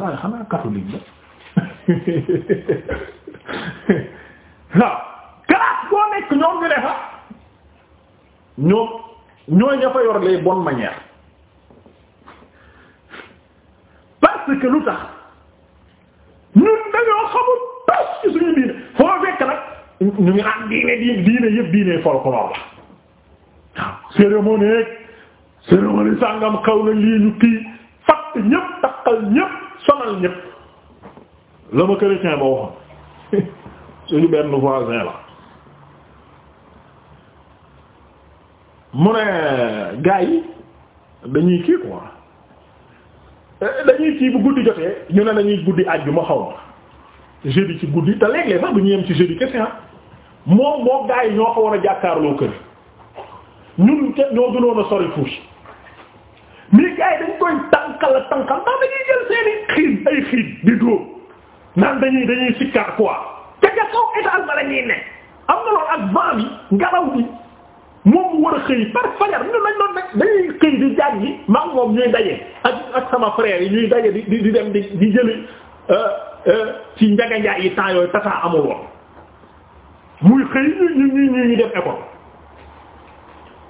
saa yi xanaa catholique la waaw classe boo nekk ñoom ñu ne fa ñoom ñooy ña fa yor les bonnes manières parce que lu tax ñun dañoo xamul tas suñu diine foo fekk nag ñu ngi naan diine diine diine yëpp diine folklore la waaw cérémonie cérémonie sàngam xaw na lii ñu kii fatt ñëpp takkal ñëpp sonal ñëpp la ma chrétien ba waxoon suñu benn voisin la mu ne gars dañuy kii quoi eh, dañuy kii bu guddi jotee ñu ne dañuy guddi àjjuma xaw ma jeudi ci guddi te léeg-léeg sax du ñu yem ci jeudi kese ah moom moo gars yi ñoo ko war a jàkkaarloo kër ñun ñoo gënoon a sori tuuti mais gars yi dañ koy dañuy dañuy sikkar quoi te ca kaw étage ma la ñuy am na loolu ak vent bi ngelaw bi moom mu war a xëy par fajar ñun lañ doon nag dañuy xëy di jàng yi moom ñuy daje ak sama frère yi ñuy daje di di dem di di jëli euh, euh, ci njaga yi temps yooyu tasaa muy xëy ñu ñu ñu dem école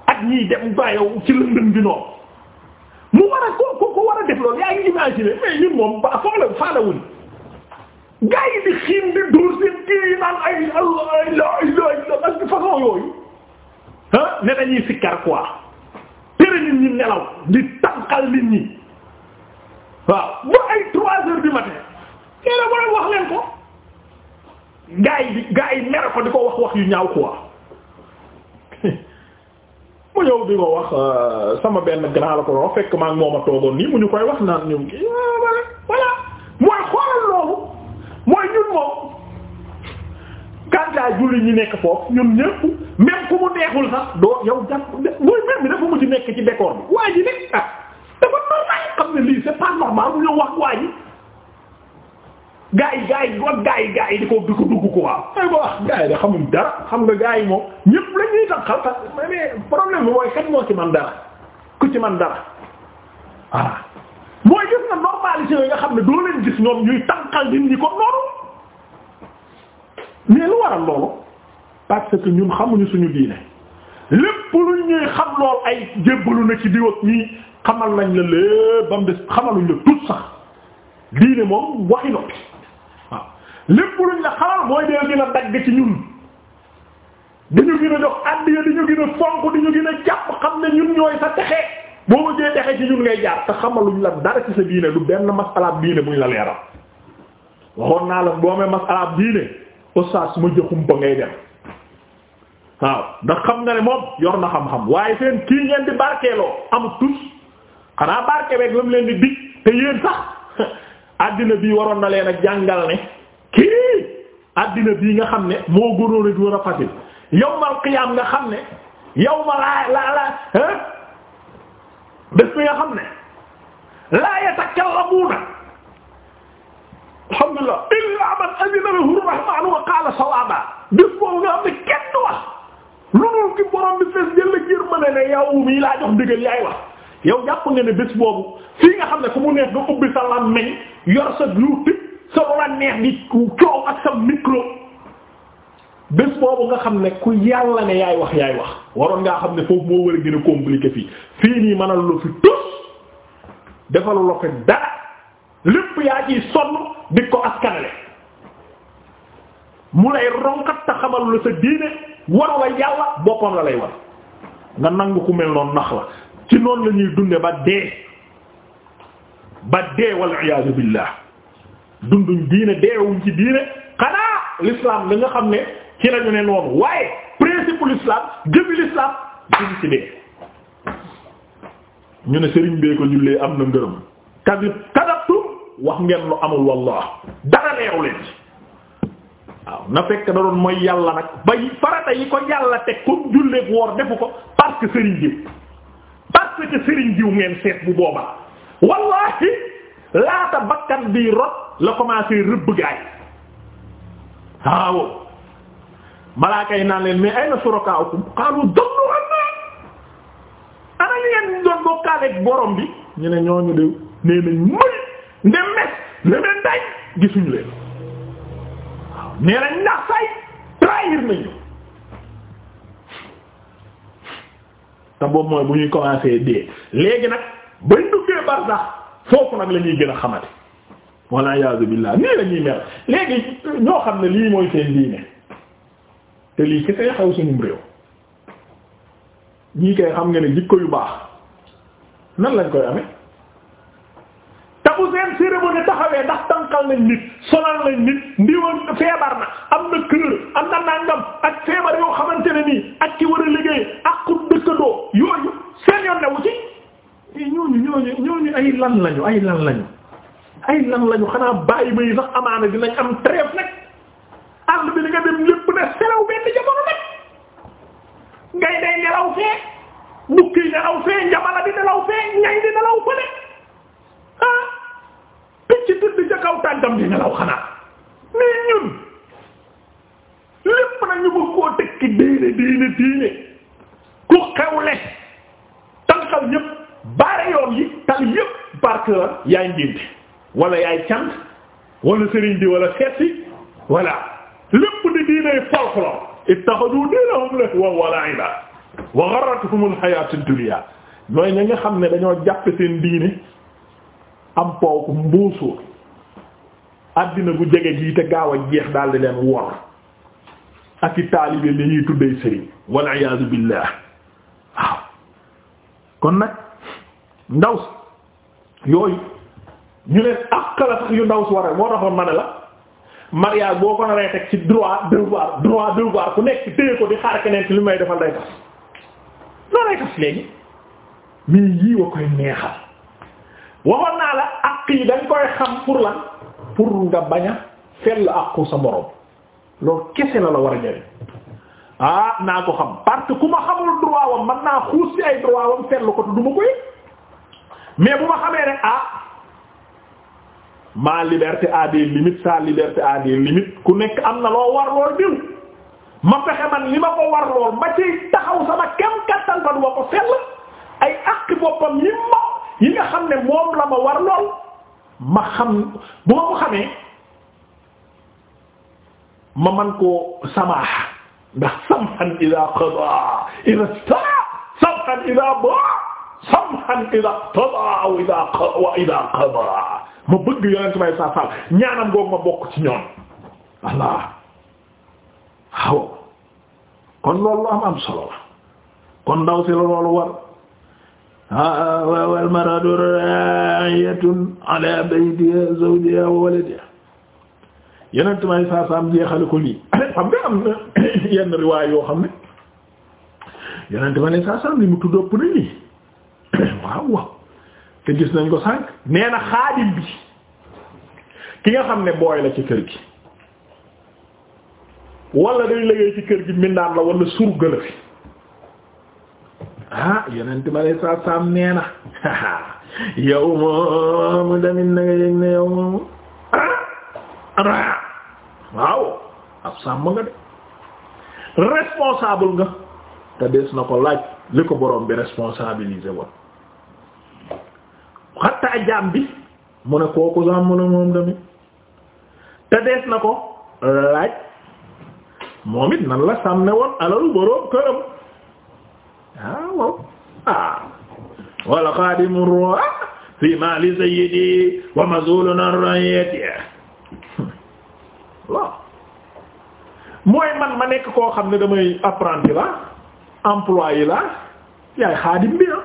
ak ñiy dem bàyyow ci lëndëm bi noonu mu war a ko ko war a def loolu yaa ngi imaginer mais ñun moom ba foog la faalawuñ gaa yi di xiim di dóor seen kii yi naan ay ay la ak façon yooyu ah ne dañuy sikkar quoi tere nit ñi nelaw di tànqal nit ñi waaw ba ay trois heures du matin yéena boroom wax leen ko gaa yi di gaa yi mere ko di ko wax wax yu ñaaw quoi mu ñëw di ko wax euh, sama benn grand la ko doon fekk maa moom a toogoon nii mu ñu koy wax naan ñu kii ah, voilà nag moom kantaa julli ñi nekk foofu ñun ñëpp même ku mu neexul sax doo yow jàpp mooy mbir mi dafa mu ci nekk ci décor bi waa ji nekk ah dafa normal xam ne lii c'est waa ji gaa yi gaa yi wax yi di ko di ko dugg ko waaw ay ba wax gaa yi dara xam nga gaa yi moom ñëpp la ñuy tax xalta mais problème bi mooy kat moo ci man dara ku ci man dara voilà mooy gis na nga xam ne doo leen gis ñoom ñuy tànqal ko noonu mais lu waral loolu parce que ñun xamuñu suñu diine lépp lu ñuy xam lool ay jébbalu na ci diw ak xamal nañ la lépp ba mu des xamaluñ la tout sax diine moom waxi noppi lépp luñ la xamal mooy dee gën a dagg ci ñun dañu gën a jox àddiya dañu gën a fonk ñu gën a jàpp xam ne ñun ñooy sa texe boo ma jee texe ci ñun ngay jaar te xamaluñ la dara ci sa diine du benn masalaab diine buñ la leeral waxoon naa la boo amee masalaab diine oustaz ma jëxumpa ngay dem waaw ndax xam nga ne moom yor na xam-xam waaye seen kii ngeen di barkeeloo amut tus xanaa barke beeg la mu leen di dig te yéen sax addina bii waroon na leen a jàngal ne kii addina bii nga xam ne moo gënoon a war a fasil yawmal qiyaam nga xam ne yow ma laa laa laa ah bés bi nga xam ne laa yatakallamuuna alhamdulillah illaa man azina lahu rahmaanu wa qaala sawaaba bés boobu nga xam ne kenn wax lu dul ki borom bi fees jël la jër ma ne ne yow mii laa jox digal yaay wax yow jàpp nga ne bés boobu fii nga xam ne ku mu neex nga ubbi sa làmmiñ yor sa youtube sa wala neex di coow ak sa nga xam ne ku yàlla ne yaay wax yaay wax waroon ngaa xam ne foofu moo war a gën a compliqué fii fii nii mënal la fi tus defal la dara lépp yaa ciy sonn di ko askanale mu lay ronkat te xamal la sa diine war la yàlla boppam la lay war nga nangu ku mel noonu nax la ci noonu lañuy dunde ba dee ba dee wal iyaazu billah dunduñ diine deewuñ ci diine xanaa l'islam li nga xam ne ci lañu ne noonu waaye principe l'islam gëmi l'islam duñ ci dee ñu ne sëriñ bee ko jullee am na ngërëm kasi kada wax ngeen lu amul wallah dara leeru leen waaw na fekk da doon mooy yàlla nag bay farata yi ko yàlla teg comme julleek woor defu ko parce que sëriñ diw parce que sëriñ diw ngeen seet bu boobaa wallahi laata bakkan bi rot la commencé rëbb gaay waaw malaaka yi naan leen mais ay na surakaakum xaalu donnu am na ana li ngeen doon bokkaaleek borom bi ñu ne ñooñu de nee nañ muy ndem lemeen daaj gisuñu leen waaw nee nañ ndax say trahir nañu te boobu mooy bu ñuy commencé dee léegi nag bañ duggee barsax foofu nag la ñuy gën a xamati walla iyaazu billaah nii la ñuy mel léegi ñoo xam ne lii mooy seen diine te lii ki say xaw suñum réew ñii koy xam nga ne jikko yu baax nan lañ koy amee ay cérémonie taxawee ndax tànqal nañ nit sonal nañ nit ndiwoon feebar na am na kër am na nangam ak feebar yoo xamante ne nii ak ki war a liggéey ak ku dëkkandoo yooyu seen yoon newu ci eh, ñooñu ñooñu ñooñu ay lan lañu ay lan lañu ay lan lañu xanaa bàyyi ba yi sax amaana dinañ am trêve nag àll bi li nga dem lépp ne selaw bi yaay ngénte wala yaay cant wala sëriñ di wala seetsi voilà lépp di diinay folklore ittakhadhu diinahum lahwan wa la'iban wa gharratuhum al-hayatu ad-dunya mooy ña nga xam ne dañoo jàppe seen diine am poow ku àddina gu jege ji te gaaw a jeex daal di leen wor ak i taalibe li ñuy tuddee sëriñ wal iyaazu billah kon nag ndaw yooyu ñu leen akalaat yu ndaw si war a moo taxoon ma ne la mariage boo ko naree teg ci droit devoir droit devoir ku nekk téye ko di xaar keneen ci li may defal day tas loo lay tas léegi mais yii wa koy neexal waxoon naa la àq yi dañ koy xam pour la pour nga bañ a fell àqu sa morom loolu kese la la war a jëriñ ah naa ko xam parce que ku ma xamul droit wam man naa xuus ci ay droit wam fellu ko te du ma koy mais bu ma xamee rek ah. ma liberté à des limites sa liberté à ku nekk am na loo war lool diw ma fexe man li ma ko war lool ma ciy taxaw sama kem kattan ba du ma ko sell ay àqi boppam yi ma yi nga xam ne moom la ma war lool ma xam bu ma ma man koo samaaxa ndax samhan ida qada ida stara samhan ida ba samhan ida qada wa ida qada ma bëgg yonent may saa ñaanam googu ma bokk ci ñoom allah waaw kon loolu lu am am solo la kon ndaw si loolu war wal mar'atu ra'iyatun ala baytiha zawjiha wa waladiha yonent may saa saam ko lii xam nga am yenn riwaay yoo xam ne yonent may saa saam li mu tudd ëpp na lii waaw waaw te gis nañ ko sànq nee na xaadim bi ki nga xam ne booy la ci kër gi wala day liggéey ci kër gi mindaan la wala surga la fi ah yeneen ma lay saa saam nee na yow moomu damit na nga yëg ne yow moomu ah waaw ab sàmm nga de responsable nga te des na ko laaj li ko borom bi responsabilisé woon xattaa jaam bi mu ne kooku sàmm la moom tamit te dees na ko laaj moom it nan la sàmme woon alalu boroom këram ah waaw ah wala xaadimu ruwa mooy man ma nekk koo xam ne damay apprenti la employé la yaay xaadim bi ah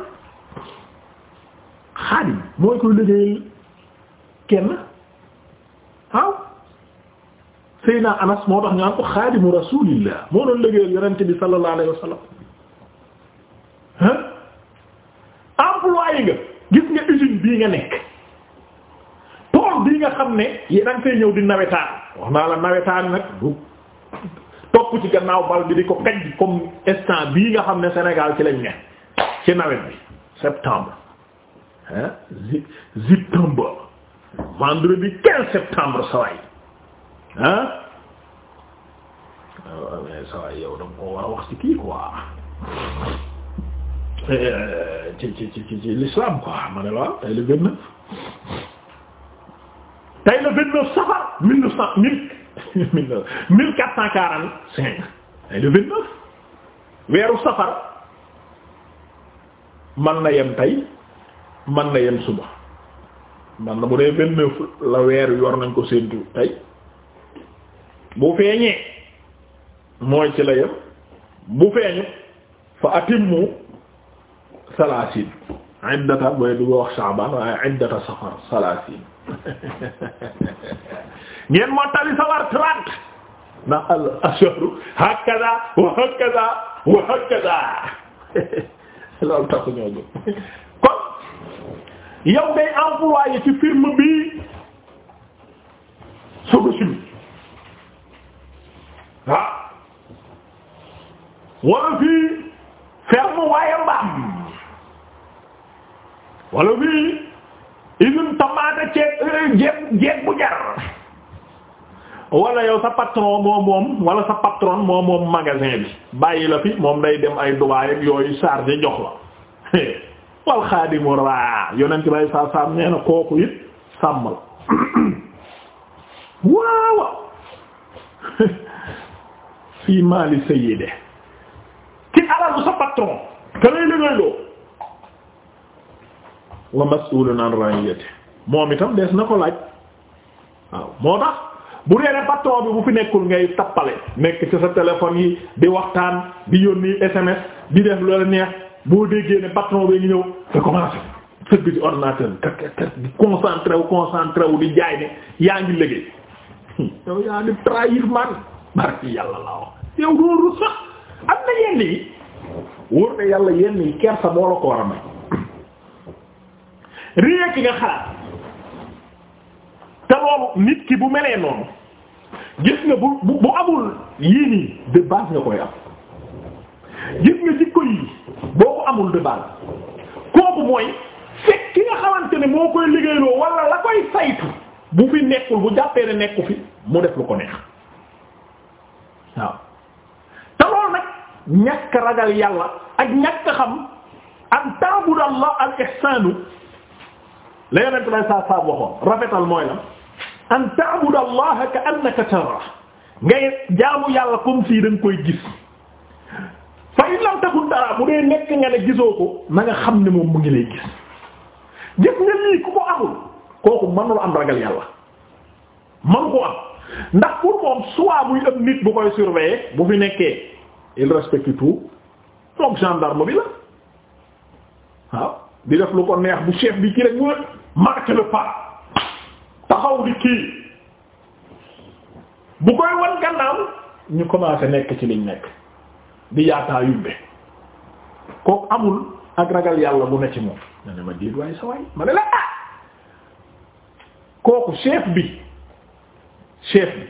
xaadim mooy koy liggéeyal kenn waaw Seydina Anas moo tax ñu naan ko xaadimu rasulillah moo doon liggéeyal yonent bi sallallahu alayhi wa sallam ah employé nga gis nga usine bii nga nekk tool bii nga xam ne danga fay ñëw di nawetaan wax naa la nawetaan nag topp ci gannaaw bal bi di ko kaj comme instant bii nga xam ne senegal ci lañ ne ci nawet bi septembre hein septembre vendredi quinze septembre sawaay hein sawaay yow danga koo war a wax ci kii quoi ci ci euh, l'islam quoi ma ne la tey neuf tey le vingt-neuf safar mille neuf cent mille mille quatre cent quarante-cinq tey le vingt-neuf weeru safar man na tey man na yem suba man na bu dee vingt la weer yor nañ ko séentu tey bu feeñee mooy ci la yem bu feeñu fa atimmu salaasin iddata booy du wax Sha'ban waaye iddata safar salaasin ngeen mottali safar trente ndax al ashhuru hakaza wa hakaza loolu taxu ñoo jóg yow ngay employé ci firme bi soga simi waaw wala fii ferme waaye mbaam wala fii usine tomate ceeb euh, jeeb jeeb bu jar wala yow sa patron moom moom wala sa patron moom moom magasin bi bàyyi la fi moom day dem ay dubaay ak yooyu chargé jox la wal xaadimu raa yonent bay saa saam nee na kooku it sàmm la waawa fii maali sayyide ci alalu sa patron ka lay liggéey loo wa moom itam des na ko laaj waaw moo tax bu dee ne patron bi bu fi nekkul ngay tappale nekk ci sa téléphone yi di waxtaan di yónni SMS di def lu la neex boo déggee ne patron bee ngi ñëw te commencé sëgg ci ordinateur bi kat wu concentré wu di jaay ne yaa ngi liggéey hmm. yow yaa di trahir man barki yàlla laa wax yow doo sax am na yenn yi wóor na yàlla yenn yi kersa moo la ko war a may réeg nga xalaat te loolu nit ki bu melee noonu gis nga bu bu amul yii nii de base nga koy am gis nga jikko yi boo ko amul de kooku mooy fekk ki nga xamante ne moo koy liggéeyloo wala la koy saytu bu fi nekkul bu jàppee ne nekku fi mu def lu ko neex waaw te loolu nag ñàkk ragal yàlla ak ñàkk xam an ta'budallah al ihsaanu la yonent bay saa saab waxoon rafetal mooy la an ta'budallaha ka annaka tara ngay jaamu yàlla comme si da koy gis fa in lam takun dara bu dee nekk nga ne gisoo ko na xam ne moom mu ngi lay gis gis nga lii ku ko amul kooku mënul am ragal yàlla man ko am ndax pour moom soit muy am nit bu koy surveiller bu fi nekkee il respecte tout moom gendarme waaw di def lu ko neex bu chef bi kii rek mu marque le pas taxaw di kii bu koy wan gannaaw ñu commencé nekk ci liñ nekk di yaataa yumbe kooku amul ak ragal yàlla bu na ci moom na ma déet waaye sa ma ne la ah kooku chef bi chef bi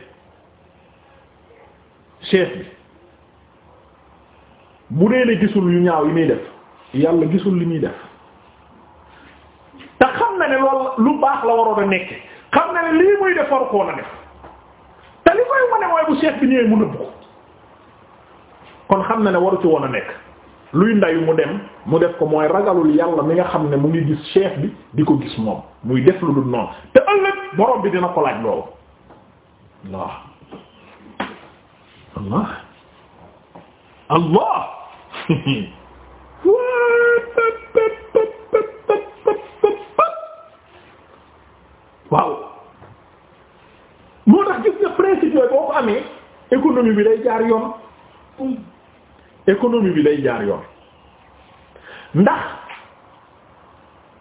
chef bi bu dee ne gisul yu ñaaw yi muy def yàlla gisul li muy def te xam na ne loolu lu baax la waroon a nekk xam na ne lii muy def waru koo def te li koy wane mooy bu chef bi ñëwee mu nëbb ko kon xam na ne waru ci woon a nekk luy ndayu mu dem mu def ko mooy ragalul yàlla mi nga xam ne mu ngi gis chef bi di ko gis moom muy def lu dul noonu te ëllëg borom bi dina ko laaj loolu Allah waaw moo tax gis nga principe boo ko amee économie bi day jaar yoon économie bi lay jaar yoon ndax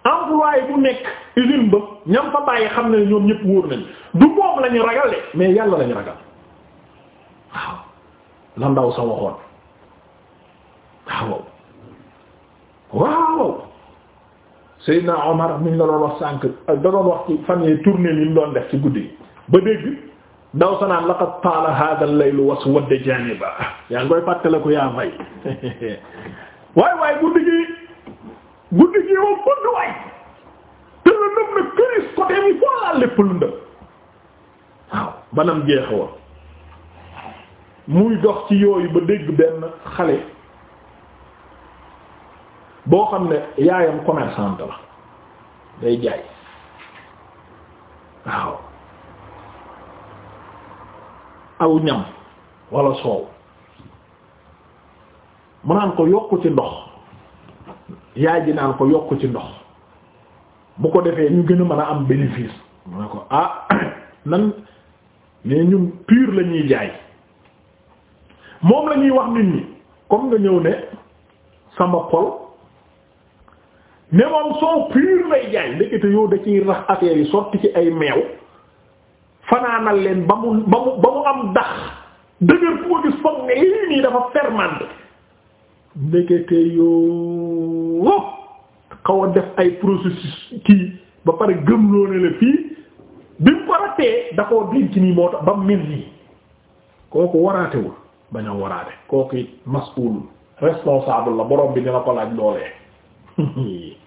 employé bu nekk usine ba ñam fa bàyyi xam ne ñoom ñëpp wóor nañ du moom lañu ragal de mais yàlla lañu ragal waaw la ndaw sa waxoon waaw waaw Seydina Omar mi la doon wax sànq da doon wax ci fan yee tournée li ñu doon def ci guddi ba dégg daw sa naan laqad taala hadha al-layl waswadda janiba yaa ngi koy yaa fay waay waay guddi gi guddi gi moom gudd waay te la na këris côté lu ndëm waaw banam jeex woon muy dox ci yooyu ba dégg benn xale boo xam ne yaayam commerçante la day jaay waaw aw ñam wala soow mu naan ko yokk ci ndox yaay ji naan ko yokk ci ndox bu ko defee ñu gën a mën a am bénéfice mu ne ko ah nan mais ñun pur la ñuy jaay moom la ñuy wax nit ñi comme nga ñëw ne sama xol ne moom soo pur lay jaay ndekete yow da ciy rax affaire yi sotti ci ay meew fanaanal leen ba mu ba mu ba mu am dax dëgër foog ne lii nii dafa fermenter ndekete yoo xaw a def ay processus kii ba pare gëmloo ne la fii bi mu ko rattee da koo denc nii moo tax ba mu mel nii kooku waraatewul bañ a waraate kooku it mas'ul responsable la borom bi dina ko laaj loolee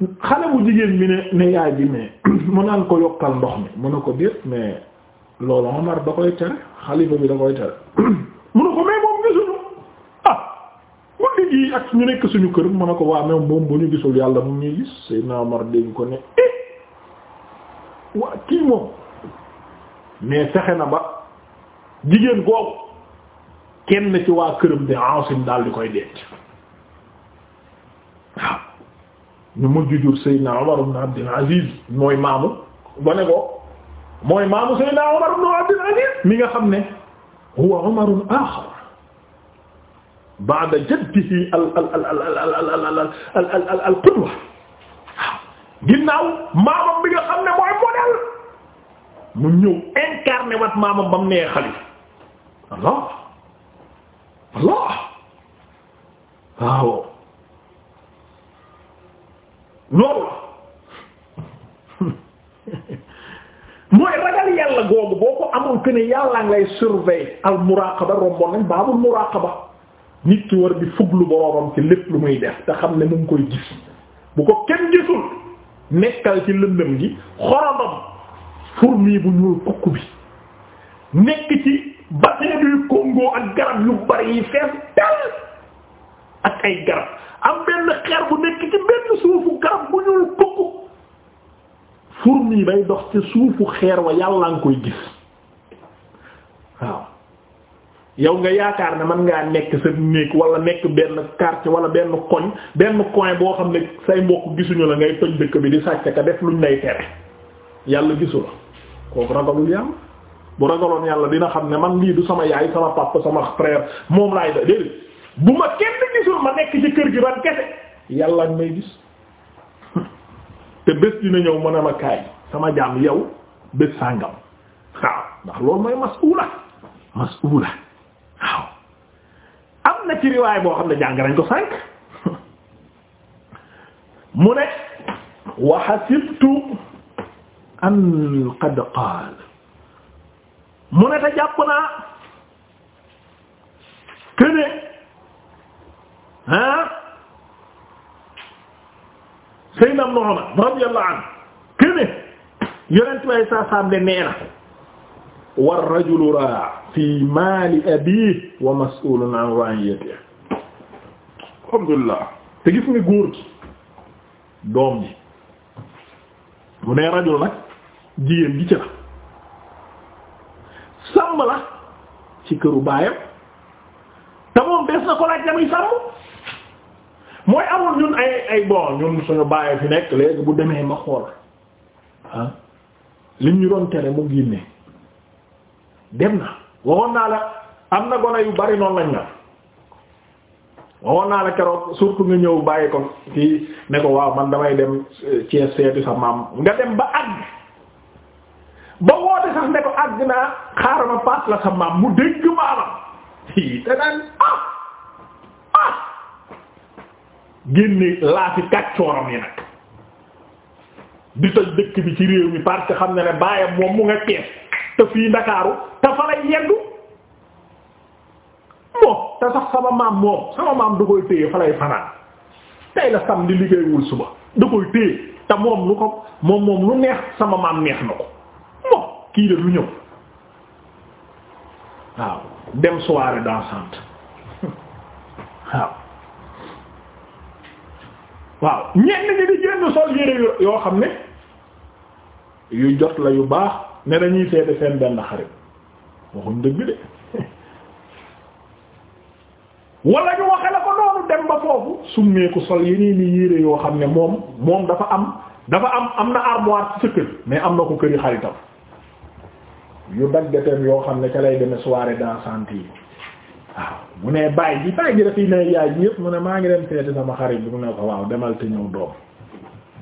xale bu jigéen bi ne ne yaay ji mais mu naan ko yokkal ndox mi mu na ko déet mais loolu Omar da koy tere xalifa bi da koy tere mu ne ko mais moom gisuñu ah mu liggéey nekk suñu kër mu ne ko waa même gisul yàlla mu ñuy gis Seydina Omar dégg ko ne eh waa kii moom mais fexe na ba jigéen googu kenn ci waa këram de Asim daal di koy denc waaw ñu mujj jur Seydina Umar ibn Abdul Aziz mooy maamu gone ko mooy maamu Seydina Umar ibn Abdul Aziz mi nga xam ne huwa Umarun axar ba'da jaddihi al al al al al al al qudwa ginnaaw mu ñëw incarné wat maamam bam nee xalifa Allah Allah waaw loolu mooy ragal yàlla googu boo ko amul que ne yàllaa ngay surveiller al muraqaba romboon nañ baabul muraqaba nit ki war di fuglu boroomam ci lépp lu may def te xam ne mu ngi koy gis bu ko kenn gisul nekkal ci lëndëm gi xoromam fourmi bu ñuul kukk bi nekk ci bassin du ak garab yu bari yi fees dal ak ay garab am benn xeer bu nekk ci benn suufu garab bu ñuul kukk fourmi bay dox ci suufu xeer wa yàlla nga koy gis waaw yow nga yaakaar ne mën ngaa nekk sa néeg wala nekk benn quartier wala benn koñ benn coin boo xam ne say mbokk gisuñu la ngay toj dëkk bi di sàcc ka def luñ lay tere yàlla gisu la kooku ragalul yàlla bu ragaloon yàlla dina xam ne man lii du sama yaay sama papa sama frère moom laay da déedéet bu ma kenn gisul ma nekk ci kër gi ban kese yàlla may gis te bés dina ñëw mën a ma kaay sama jaam yow bés sàngam waaw ndax loolu mooy mas'uula mas'uula waaw am na ci riwaay boo xam ne jàng ko sànq mu ne wa hasibtu an qad qaal mu ne te jàpp naa kene ah Seydina Ibn Umar radiyallahu anhu kene yonent way sa sam de nee na war raa fi maali abiihi wa mas'uulun an ra'iyyatihi alhamdulillah te gis nga góor doom ji mu ne rajul nag jigéen gi ci la sàmm la ci këru baayam te moom ko laaj damuy sàmm mooy amul ñun ay ay bon ñun suñu bàyyi fi nekk léegi bu demee ma xool ah, lim ñu doon tere mu génne dem na waxoon naa la am na gone yu bari noonu lañ na waxoon naa la keroog surtout nga ñëw bàyyi ko ci ne ko waaw man damay dem eh, Thiès seeti sa maam nga dem ba àgg ba woote sax ne ko àgg naa xaaral ma paas la sa maam mu dégg maamam te naan ah! génne laa fi kàccooram yi nag di toj dëkk bi ci réew mi parce que xam ne ne baayam moom mu nga kees te fii ndakaaru te fa lay yeddu moom te sax sama maam moom sama maam du koy téye fa lay fanaan tey la samedi liggéeyul suba du koy téye te moom lu ko moom moom lu neex sama maam neex na ko moom kii de lu ñëw waaw dem soirée dansante waaw ñenn ñi di génn sol yére yoo xam ne yu jot la yu baax ne dañuy seede seen benn xarit waxuñ dëgg de wala ñu waxe la ko noonu dem ba foofu summeeku sol yeneen yére yoo xam ne moom moom dafa am dafa am am na armoire ci sa kër mais am na ko këri xaritam yu daggateem yoo xam ne ca lay demee soirée dansante yi waaw mu ne bàyyi ji bàyyi ji dafay ne yaay ji mu ne maa ngi dem seeti sama xarit bi mu ne ko waaw demal te ñëw doom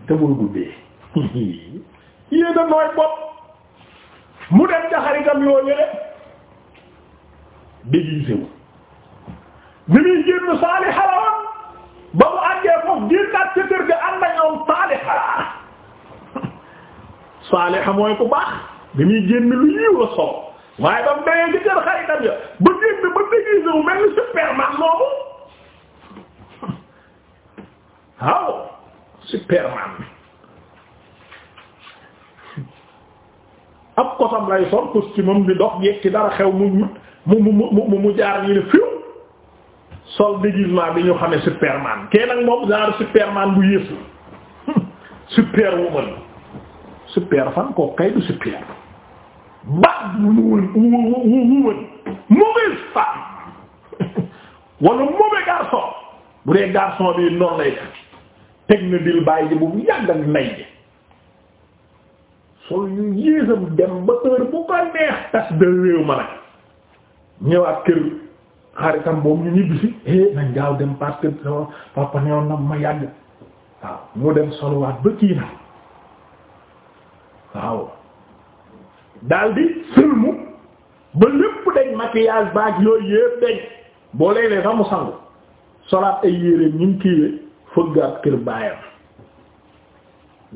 te bul guddee yéen nooy bopp mu dem ca xaritam yoo ñële déguisé wu ni muy génn saali xalawoon ba mu àggee foofu génnaat ca kër ga ànd ak ñoom saali xala mooy ku baax ni muy génn lu yiw la solo waaye ba mu dee ci xaritam ya ba génn ba déguisé mel ni superman moomu waaw superman ab kosam lay sol costume am di dox yekki dara xew mu mu mu mu mu jaar ñu ne fiw sol déguisement bi ñu xamee superman kee moom genre superman bu yéesu superwoman super fan koo kay du super bad woman mauvaise femme wala mauvais garçon bu dee garçon bi noonu lay mu de réew ma nag ñëwaat kër xaritam boobu ñu ñibbisi eh nañ gaaw dem parce que waaw mu dem solwaat ba kii na waaw daldi sëlmu ba lépp dañ maquillage baag yooyu yépp dañ boo léeg-léeg sax sangu solaat ay yére ñu mu kiiwee fëggaat kër baayam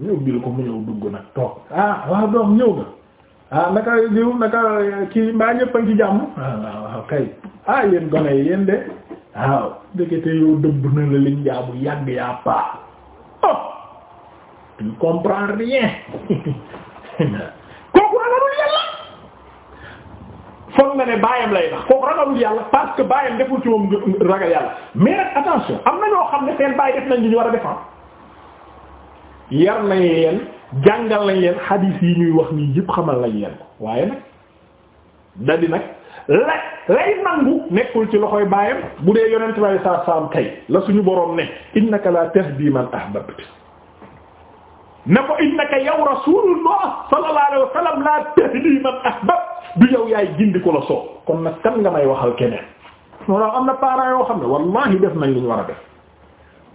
ñu ubbil ko mu ñëw dugg nag toog ah waaw doom ñëw nga ah naka diw naka kii mbaa ñëpp a jàmm ah, waaw waaw kay ah yéen gone yi yéen de waaw ndekete yow dëbb na la liñ jaabu yàgg yaa paa oh! tu comprends foog na ne baayam lay tax kooku ragalul yàlla parce que baayam deful ci moom ragal yàlla mais nag attention am na ñoo xam ne seen baay def nañ li ñu war a defar ah. yar nañ leen jàngal nañ leen xadiis yi ñuy wax nii yëpp xamal nañ leen waaye nag dadi nag la lay nangu nekkul ci loxoy baayam bu dee yonent bi sallallahu alayhi wasallam kay la suñu boroom ne innaka la tahdi man ahbabta ne ko innaka yow rasulullah sallallahu alayhi wa sallam la tahdi du yow yaay gindi ko la soo kon nag kan nga may waxal keneen noonu am na parents yoo xam ne wallahi def nañ li war a def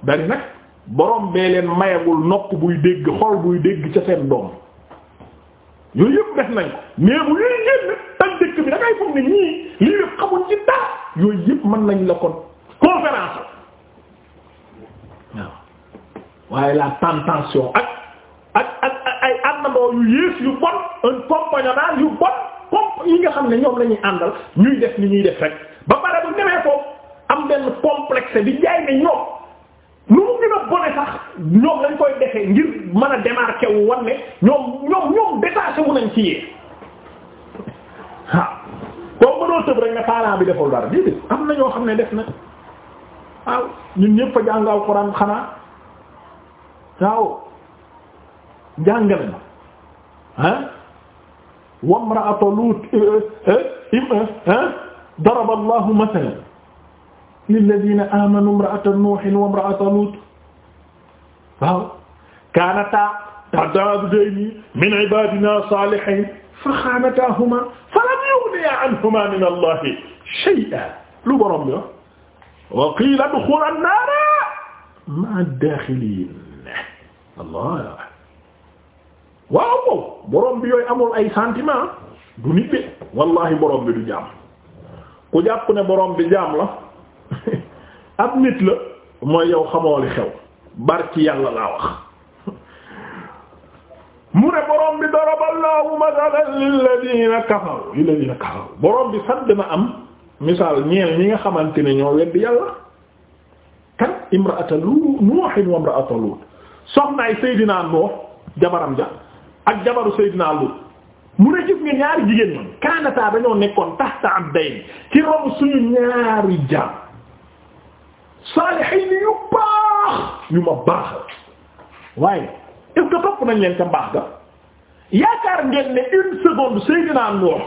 dari nag borom bee leen mayagul nokk buy dégg xol buy dégg ca seen doom yooyu yëpp def nañ ko mais bu ñuy génn tan dëkk bi da ngay foog ne ñii lii yëpp xamuñ ci dara yooyu yëpp mën nañ la kon conférence waaw waaye la tentation ak ak ak ay àndandoo yu yées yu bon un yu bon pompe yi nga xam ne ñoom lañuy àndal ñuy def ni ñuy def rek ba pare bu demee foofu am benn complexe di jaay ne ñoom a bone sax ñoom koy defee mën a démarquer wu wan ne ñoom ñoom nañ ci yee waaw kooku mënoo tëb rek ne parent bi deful dara déedéet am na ñoo xam ne def na waaw ñun ñëpp fa jàngal Alxuraan xanaa waaw. njàngale ma ah wamra'atu Lut eh, eh, eh, daraba Allahu mathalan lilladhina amanu imra'ata Nuhin wa imra'ata Lut waaw kaanataa ta'abdayni min ibadina salihin fa xaanataahuma falam yughniya anhuma min Allahi shay'an lu borom yo wa qiila udkhula an-naara ma'a ad-daakhiliin Allah waaw borom bi yooyu amul ay sentiment du nit de wallahi borom bi du jaam ku jàpp ne borom bi jaam la ab nit la mooy yow xamoo li xew barki yàlla laa wax mu ne borom bi daraba allahu mathalan lilladina kafaru lilladina kafaru borom bi sax dina am misaal ñeel ñi nga xamante ne ñoo weddi yàlla kan imraata lu nuuhin wa imraata lut soxnaay seydinaa Nuux jabaram ja ak jabaru Seydina Lut mu ne gis nga ñaari jigéen ñoom kaanataa dañoo nekkoon tahta abdayn ci rom suñu ñaari jaam saalihiin yu baax yu ma baax waaye est-ce que topp nañ leen ca mbaax ga yaakaar ngeen ne une seconde Seydina Nuh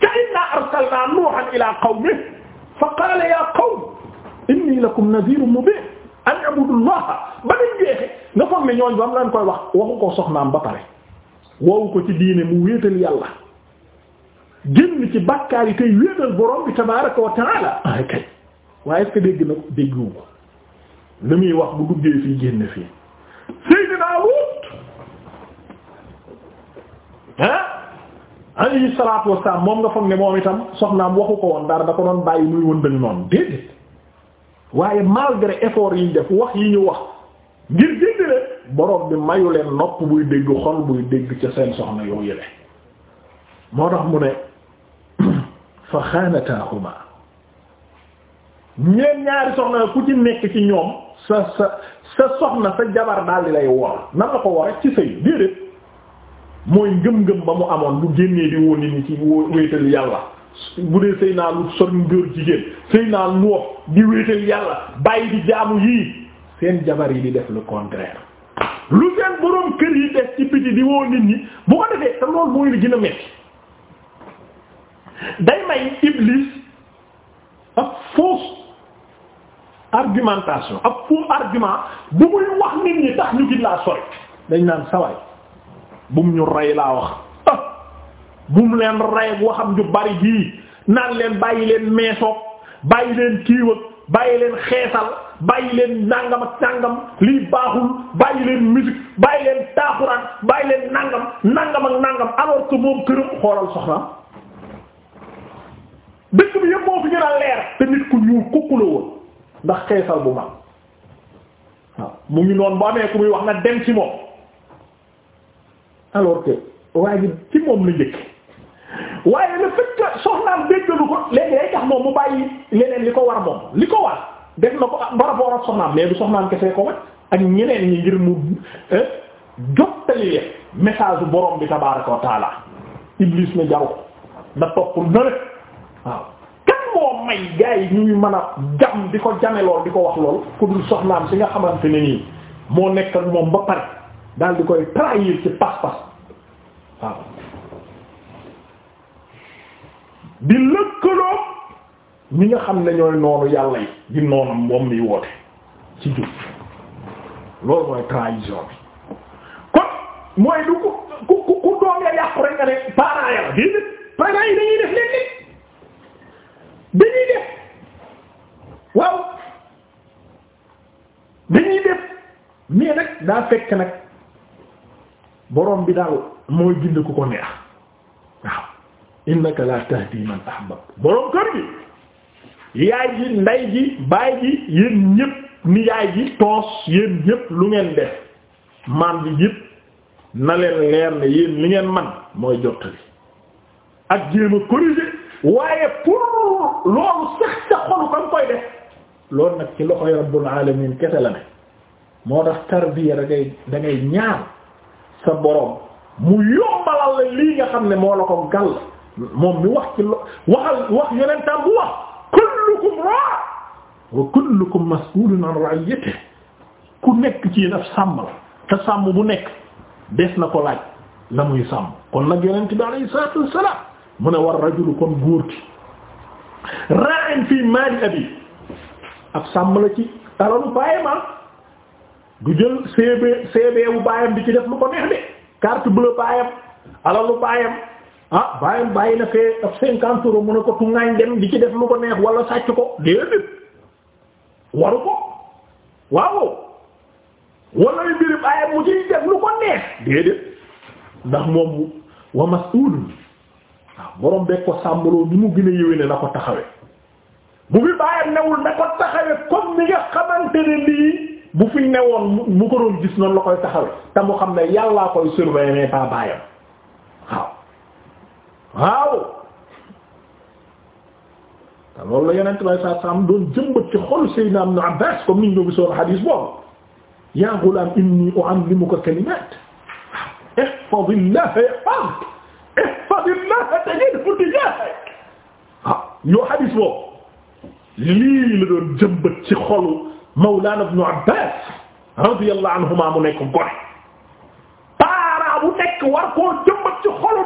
ka inna arsalna Nuhan ila qawmihi fa qala ya qawm inni lakum nadhirun mubin an ibudu Allah ba dañ jeexe nga foog ne ñooñ ba mu leen koy wax waxu ko soxnaam ba pare wowu ko ci diine mu wéetal yàlla génn ci bàkkaar yi tey wéetal borom bi tabaaraka taala ah, ay waaye est-ce dégg na ko dégguwu ko li muy wax bu duggee fii génn fii Seydina Wut ah alayhi salaatu wassalaam moom nga foog ne moom itam soxnaam waxu ko woon dara da ko doon bàyyi muy wëndal noonu déedéet waaye malgré effort yi def wax yi ñu wax ngir jëndi leen borom bi mayu leen nopp buy dégg xol buy dégg ca seen soxna yow yële moo tax mu ne fa xaanataahuma ñeen ñaari soxna ku ci nekk ci ñoom sa sa sa soxna sa jabar daal di lay wor na la ko war ci sëy déedéet mooy ngëm-ngëm ba mu amoon bu génnee di wóo nit ñi ci wéetal yàlla bu dee sëy naa lu son góor jigéen sëy naa lu di wéetal yàlla bàyyi di jaamu yii seen jabar yi di def le contraire lu seen boroom kër yi def ci biti di woo nit ñi bu ko defee te loolu mooy li gën a metti day may iblis ak fausse argumentation ak faux argument bu muy wax nit ñi tax ñu gis laa sori dañ naan sawaay bum ñu rey laa wax ah! bum leen rey waxam ju bari jii naan leen bàyyi leen meesoog bàyyi leen kiiwag bàyyi leen xeesal bàyyi leen nàngam ak nàngam lii baaxul bàyyi leen musique bàyyi leen taaxuraan bàyyi leen nàngam nàngam ak nàngam alors que moom këram xoolal soxnaam dëkk bi yëpp moo fi gën ku ñuul kukku la woon ndax xeesal bu mag waaw mu ngi noonu bu amee ku muy wax na dem ci moom alors que waa ji ci moom la njëkk waaye le fait que soxnaam déggalu ko léegi day tax moom mu bàyyi leneen li ko war moom li ko war def na ko par rapport ak soxnaam mais du soxnaam kese ko wacc ak ñeneen ñi ngir mu eh, jottali leen message borom bi tabaaraka wa taala iblis na jaru da topp na le waaw kan moo may gars yi ñuy mën a jam di ko jame di ko wax lool ku dul soxnaam si nga xamante ne nii moo nekk moom ba pare daal di koy trahir ci pas-pas di lëkkaloo ñi nga xam ne ñooy noonu yàlla yi di noonam moom mi woote ci jub loolu mooy trahison bi kon mooy du ku ku ku doom ya yàqu rek nga ne parents ya di dañuy def léeg-léeg dañuy def waaw dañuy def mais nag daa fekk nag borom bi daal mooy bind ku ko neex waaw innaka la tahdi man ahbab borom kër gi yaay ji nday ji baay ji yéen ñépp ni yaay ji toos yéen ñépp lu ngeen def maam ji yépp na leen leer yéen li ngeen man mooy jottali ak jéem a corriger waaye pour loolu sax sa xolu kan koy def loolu nag ci loxoy rabbul alamin kese la ne moo tax tarbiya da ngay da ñaar sa borom mu yombalal la lii nga xam ne moo la ko gàll moom mi wax ci lo waxal wax yonentam bu wax kullukum raa wa kullukum mas'ulun an ra'iyatihi ku nekk ci naf sàmm la te sàmm bu nekk des na ko laaj la muy sàmm kon nag yonent bi alayhi salaatu wassalaam mu ne war rajulu kon góor gi ra'in fii maali abi ab sàmm la ci alalu baayam ah. du jël CB CB bu baayam bi ci def lu ko de carte bleue baayam alalu baayam ah bàyyam bàyyi na fee ak cinquante euros mu ne ko tungaañ dem di ci def lu ko neex wala sàcc ko déedéet waru ko waaw wala yu mbirib ayam mu ci def lu ko neex déedéet ndax moom wa mas'ulun waaw borom beg ko sàmbaloo bi mu gën a yéwéne na ko taxawe bu fi bàyyam newul na ko taxawe comme ni nga xamante ne lii bu fi newoon mu ko doon gis noonu la koy taxawe te mu xam ne yàllaa koy surveiller mais pas bàyyam waaw te loolu la yonent bay saa saam doon jëmbat ci xol Seydina Ibn Abbas comme niñ ko gisoon xadiis boobu yaa gulaam inni u'allimuka kalimaat ihfazillah yahfazka ihfazillah tajidhu tijahak waaw ah, yoo xadiis boobu lii la doon jëmbat ci xolu Mawlaana Ibn Abbas radiyallahu anhuma mu nekk gore parent bu nekk war koo jëmbat ci xolu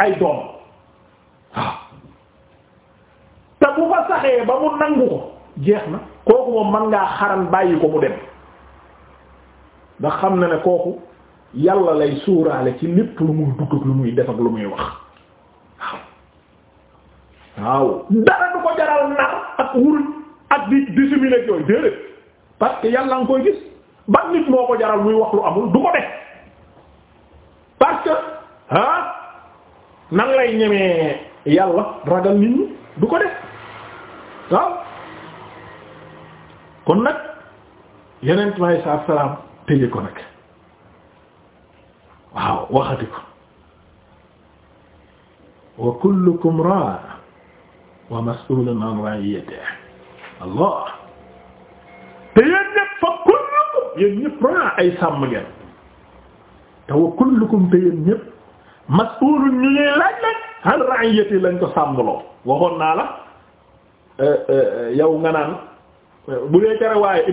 ay doom waaw ah. te bu fa saxee ba mu nangu ko jeex na kooku moom man ngaa xaran bàyyi ko mu dem ndax xam na ne kooku yàlla lay suuraale ci lépp lu muy dugg ak lu muy def lu muy wax waaw dara du ko jaral nar ak wuruj ak di dissimulé yooyu déedéet parce yàlla nga koy gis ban nit moo ko jaral muy wax lu amul du ko def parce que ah, nan lay ñemee yàlla ragal nit ñi du ko def waaw kon nag yeneen may sa salaam tëye ko nag waaw waxati ko wa kullukum raa wa mas'ulun an ra'iyatihi allah te yéen fa kullukum yéen ñëpp raa ay sàmm ngeen te wa kullukum te yéen mas'ulun ñu ñuy laaj laaj hal ra'iyati lañ ko sàmmloo waxoon naa la eh, eh, eh, yow nga naan bu dee cere waaye